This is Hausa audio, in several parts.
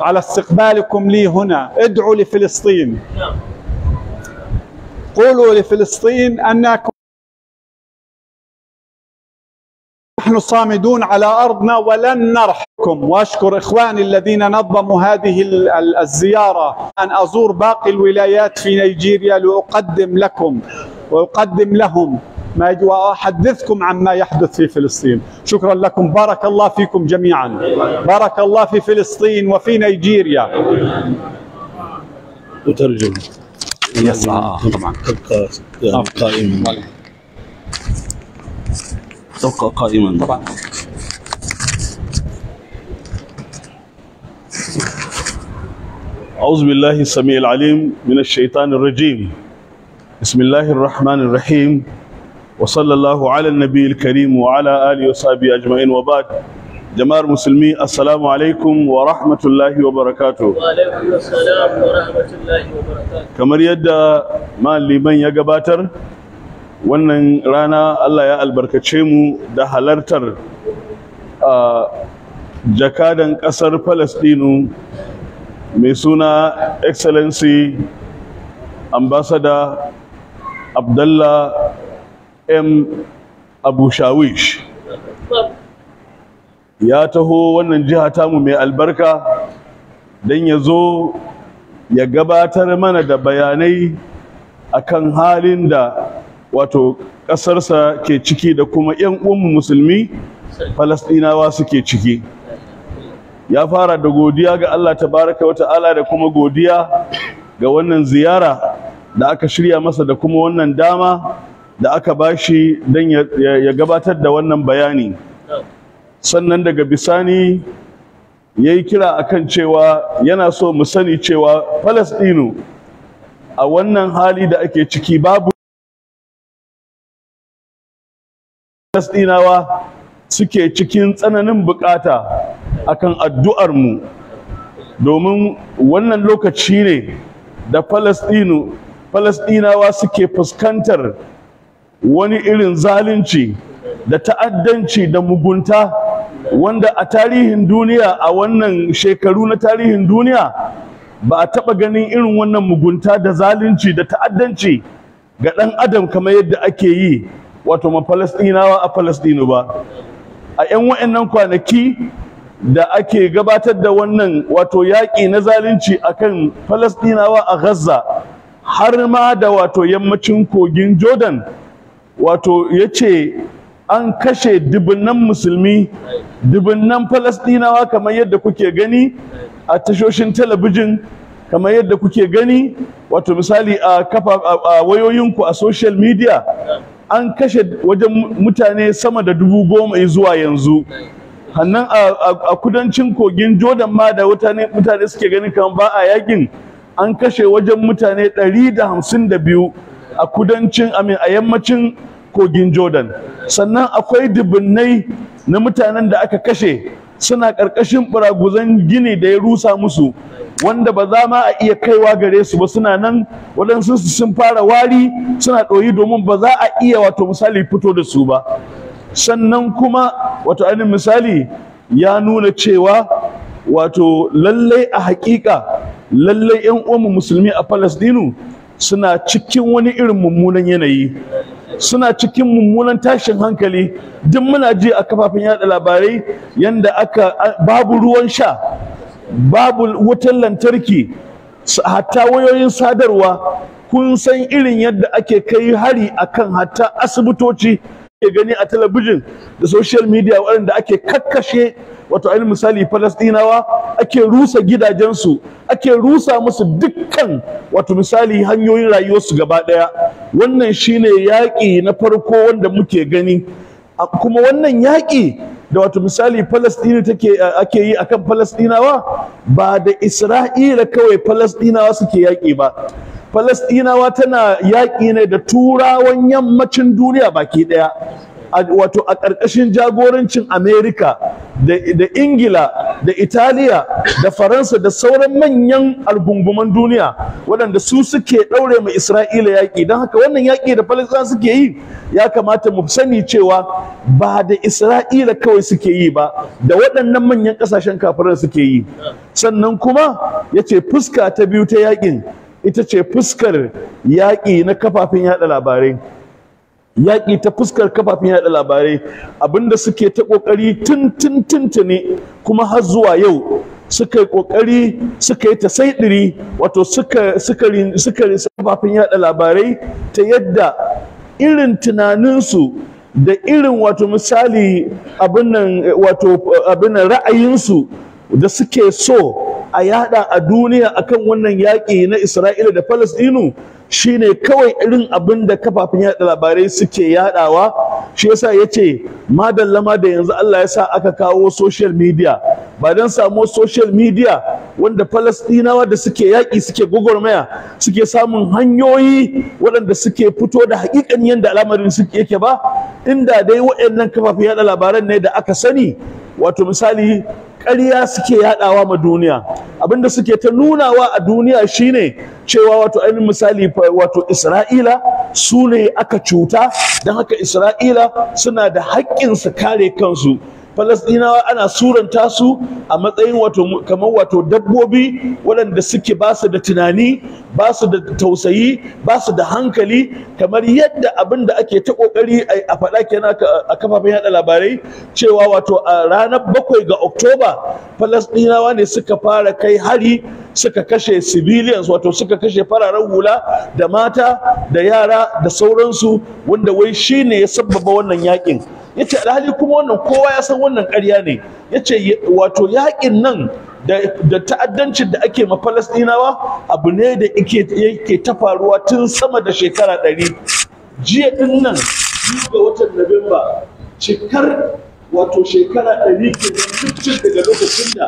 على استقبالكم لي هنا ادعوا لفلسطين قولوا لفلسطين أنكم نحن صامدون على أرضنا ولن نرحكم وأشكر إخواني الذين نظموا هذه الزيارة أن أزور باقي الولايات في نيجيريا لأقدم لكم وأقدم لهم ما وأحدثكم عما يحدث في فلسطين شكرا لكم بارك الله فيكم جميعا بارك الله في فلسطين وفي نيجيريا وترجم يسعى آه، آه، طبعا تبقى يعني قائما تبقى قائما طبعا أعوذ بالله السميع العليم من الشيطان الرجيم بسم الله الرحمن الرحيم وصلى الله على النبي الكريم musulmi assalamu alaikum wa rahmatullahi wa barakatu kamar yadda maliman ya gabatar wannan rana allah ya albarkace mu da halartar jakadan ƙasar palestinu mai suna excellency ambassador abdullah m abu shawish ya taho wannan jiha mu mai albarka don ya zo ya gabatar mana da bayanai akan halin da wato ƙasarsa ke ciki da kuma 'yan uwanmu musulmi falastinawa suke ciki ya fara da godiya ga Allah tabaraka wata'ala da kuma godiya ga wannan ziyara da aka shirya masa da kuma wannan dama da aka bashi don ya gabatar da wannan bayani sannan daga bisani ya yi kira akan cewa yana so mu sani cewa Falasɗinu a wannan hali da ake ciki babu Falasɗinawa suke cikin tsananin bukata akan addu'armu domin wannan lokaci ne da Falasɗinu Falasɗinawa suke fuskantar wani irin zalunci da ta'addanci da mugunta wanda a tarihin duniya a wannan shekaru na tarihin duniya ba a taɓa ganin irin wannan mugunta da zalunci da ta'addanci ga ɗan adam kamar yadda ake yi wato ma falastinawa a falastinu ba a 'yan wa'annan kwanaki da ake gabatar da wannan wato yaƙi na zalunci a kan falastinawa a gaza har ma da wato yammacin kogin jordan wato ya ce an kashe dubunnan musulmi dubunnan falastinawa kamar yadda kuke gani a tashoshin talabijin kamar yadda kuke gani wato misali a kafa a wayoyinku a social media an kashe wajen mutane sama da dubu goma zuwa yanzu hannan a kudancin kogin jordan ma da mutane suke ganin kamar ba a yakin an kashe wajen mutane da da hamsin biyu. a kudancin amin a yammacin kogin jordan sannan akwai dubunnai na mutanen da aka kashe suna ƙarƙashin buraguzan gini da ya rusa musu wanda ba za ma a iya kaiwa gare su ba suna nan waɗansu sun fara wari suna ɗoyi domin ba za a iya wato misali fito da su ba sannan kuma wato ainihin misali ya nuna cewa wato lallai a haƙiƙa lallai 'yan uwanmu musulmi a Falasɗinu suna cikin wani irin mummunan yanayi suna cikin mummunan tashin hankali duk muna ji a kafafen yada labarai yanda aka babu ruwan sha babu wutan lantarki hatta wayoyin sadarwa kun san irin yadda ake kai hari akan hatta asibitoci ke gani a talabijin da social media waɗanda ake kakkashe wato ainihin misali falastinawa ake rusa gidajensu ake rusa musu dukkan wato misali hanyoyin rayuwarsu gaba ɗaya wannan shine yaƙi na farko wanda muke gani kuma wannan yaƙi da wato misali Falastini take ake yi akan Falastinawa ba da Isra'ila kawai Falastinawa suke yaƙi ba Falastinawa tana yaƙi ne da turawan yammacin duniya baki ɗaya wato a ƙarƙashin jagorancin Amerika da Ingila da Italiya da Faransa da sauran manyan albunguman duniya waɗanda su suke ɗaure mai Isra'ila yaƙi don haka wannan yaƙi da Falisa suke yi ya kamata mu sani cewa ba da Isra'ila kawai suke yi ba da waɗannan manyan ƙasashen da suke yi sannan kuma ya ce fuska ta biyu ta yaƙin ita ce fuskar yaƙi na kafafen yaɗa labarai yaƙi ta fuskar kafafen yaɗa labarai abinda suke ta ƙoƙari tun tun tuni kuma har zuwa yau suka yi ƙoƙari suka yi ta saiɗiri wato suka suka suka kafafen yaɗa labarai ta yadda irin tunaninsu da irin wato misali abin nan wato abin ra'ayinsu da suke so a yada a duniya akan wannan yaƙi na Isra'ila da Falasɗinu shine kawai irin abin da kafafen yada labarai suke yadawa shi yasa yace madallama da yanzu Allah ya sa aka kawo social media ba dan samu social media wanda Falasɗinawa da suke yaƙi suke gwagwarmaya suke samun hanyoyi waɗanda suke fito da hakikan yanda al'amarin suke yake ba inda dai waɗannan kafafen yada labaran ne da aka sani wato misali ƙarya suke yaɗawa ma duniya abinda suke ta nunawa a duniya shine cewa wato ainihin misali wato isra'ila su ne aka cuta don haka isra'ila suna da haƙƙin su kare kansu falastinawa ana suranta su a matsayin wato kamar wato dabbobi waɗanda suke ba su da tunani ba su da tausayi ba su da hankali kamar yadda abin da ake ta ƙoƙari a faɗa kenan a kafafen yaɗa labarai cewa wato a ranar bakwai ga oktoba Falasdinawa ne suka fara kai hari suka kashe civilians wato suka kashe fararen hula da mata da yara da sauransu wanda wai shine ya sabbaba wannan yakin yace alhali kuma wannan kowa ya san wannan ƙarya ne yace wato yaƙin nan da ta'addancin da ake ma Falastinawa abu ne da yake ta faruwa tun sama da shekara ɗari jiya din nan ga watan November cikar wato shekara ɗari kenan daga lokacin da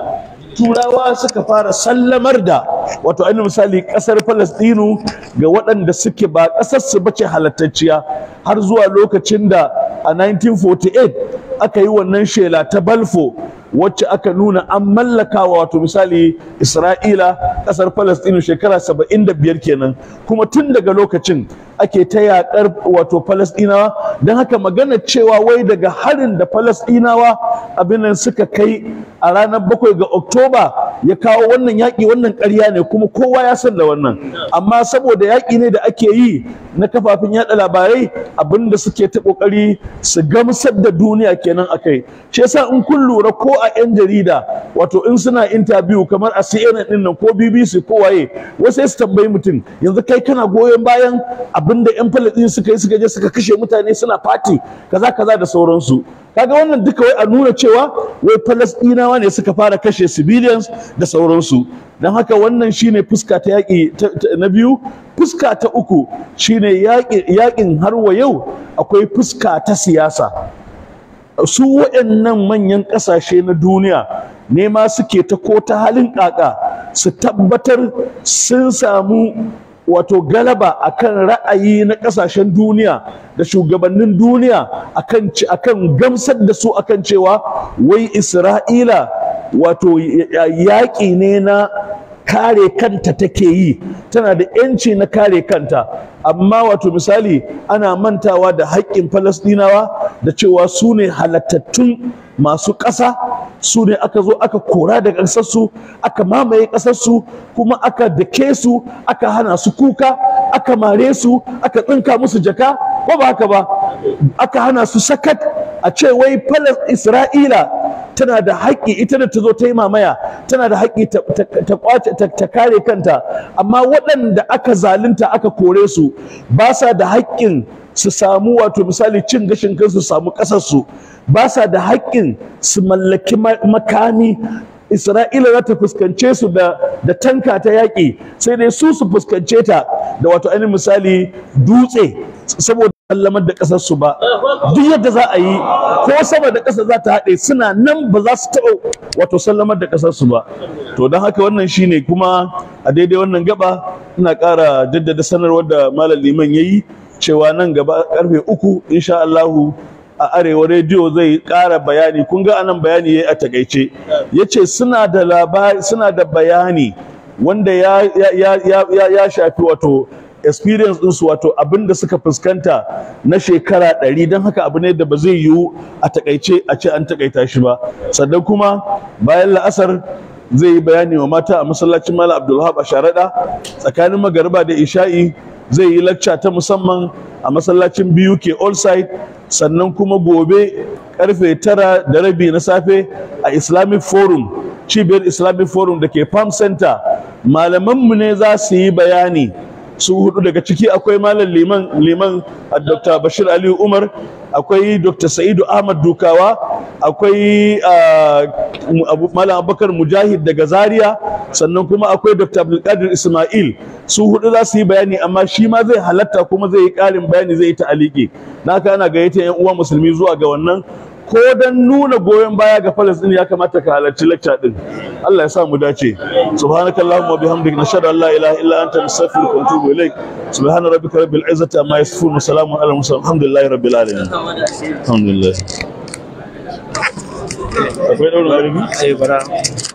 turawa suka fara sallamar da wato ainihin misali ƙasar falastinu ga waɗanda suke ba ƙasar su bace halattacciya har zuwa lokacin da a 1948 aka yi wannan shela ta balfo wacce aka nuna an mallaka wato misali isra'ila ƙasar falastinu shekara 75 kenan kuma tun daga lokacin ake ta yaƙar wato Falasɗinawa don haka magana cewa wai daga harin da Falasɗinawa abin nan suka kai a ranar bakwai ga Oktoba ya kawo wannan yaƙi wannan ƙarya ne kuma kowa ya san da wannan amma saboda yaƙi ne da ake yi na kafafen yaɗa labarai abinda suke ta ƙoƙari su gamsar da duniya kenan kai. shi yasa in kun lura ko a 'yan jarida wato in suna interview kamar a CNN ɗin nan ko BBC ko waye wasu su tambayi mutum yanzu kai kana goyon bayan abinda yan faladin suka yi suka je suka kashe mutane suna fati kaza kaza da sauransu kaga wannan duka wai a nuna cewa wai falastinawa ne suka fara kashe civilians da sauransu don haka wannan shine fuska ta yaƙi na biyu fuska ta uku shine yaƙin har wa yau akwai fuska ta siyasa su waɗannan manyan ƙasashe na duniya ne ma suke ta ko ta halin ƙaƙa su tabbatar sun samu wato galaba akan ra'ayi na kasashen duniya da shugabannin duniya akan akan gamsar da su akan cewa wai Isra'ila wato yaƙi ne na kare kanta take yi tana da yanci na kare kanta amma wato misali ana mantawa da haƙƙin falastinawa da cewa su ne halattattun masu ƙasa su ne aka zo aka kora daga ƙasarsu aka mamaye ƙasarsu kuma aka dake su aka hana su kuka aka mare su aka tsinka musu jaka ko ba haka ba aka hana su sakat a ce wai falas isra'ila tana da haƙƙi ita da ta zo ta yi mamaya tana da haƙƙi ta ta kare kanta amma waɗanda aka zalunta aka kore su ba sa da haƙƙin su samu wato misali cin gashin kansu su samu ƙasarsu ba sa da haƙƙin su mallaki makami isra'ila za ta fuskance su da tanka ta yaƙi sai dai su su fuskance ta da wato ainihin misali dutse saboda sallamar da ƙasar su ba duk yadda za a yi ko sama da ƙasa za ta haɗe suna nan ba za su taɓa wato sallamar da ƙasar su ba to don haka wannan shine kuma a daidai wannan gaba ina ƙara jaddada sanarwar da malam liman ya yi cewa nan gaba ƙarfe uku inshaAllahu. a arewa rediyo zai kara bayani kun ga anan bayani yayi a takaice yace suna da labari suna da bayani wanda ya ya ya ya shafi wato experience su wato abin da suka fuskanta na shekara ɗari don haka abu ne da ba zai yiwu a takaice a ce an takaita shi ba sannan kuma bayan la'asar zai yi bayani wa mata a masallacin malam abdulhab a sharaɗa tsakanin magariba da isha'i zai yi lacca ta musamman a masallacin biyu ke all side sannan kuma gobe karfe tara da rabi na safe a islamic forum cibiyar islamic forum da ke palm center malamanmu ne za su yi bayani su hudu daga ciki akwai malam liman liman dr bashir Ali umar akwai dr sa'idu ahmad dukawa akwai malam abubakar mujahid daga zaria sannan kuma akwai dr abdulkadir ismail su hudu za su yi bayani amma shi ma zai halatta kuma zai yi ƙarin bayani zai yi ta'aliki ka ana gayyata yan uwa musulmi zuwa ga wannan ko dan nuna goyon baya ga Palestine ya kamata ka halarci lecture din Allah ya sa mu dace subhanakallahumma wa bihamdika nashhadu an la ilaha illa anta nastaghfiruka wa natubu ilayk subhana rabbika rabbil izzati amma yasifun wa salamun ala mursalin alhamdulillahi rabbil alamin alhamdulillah akwai daurin garbi eh bara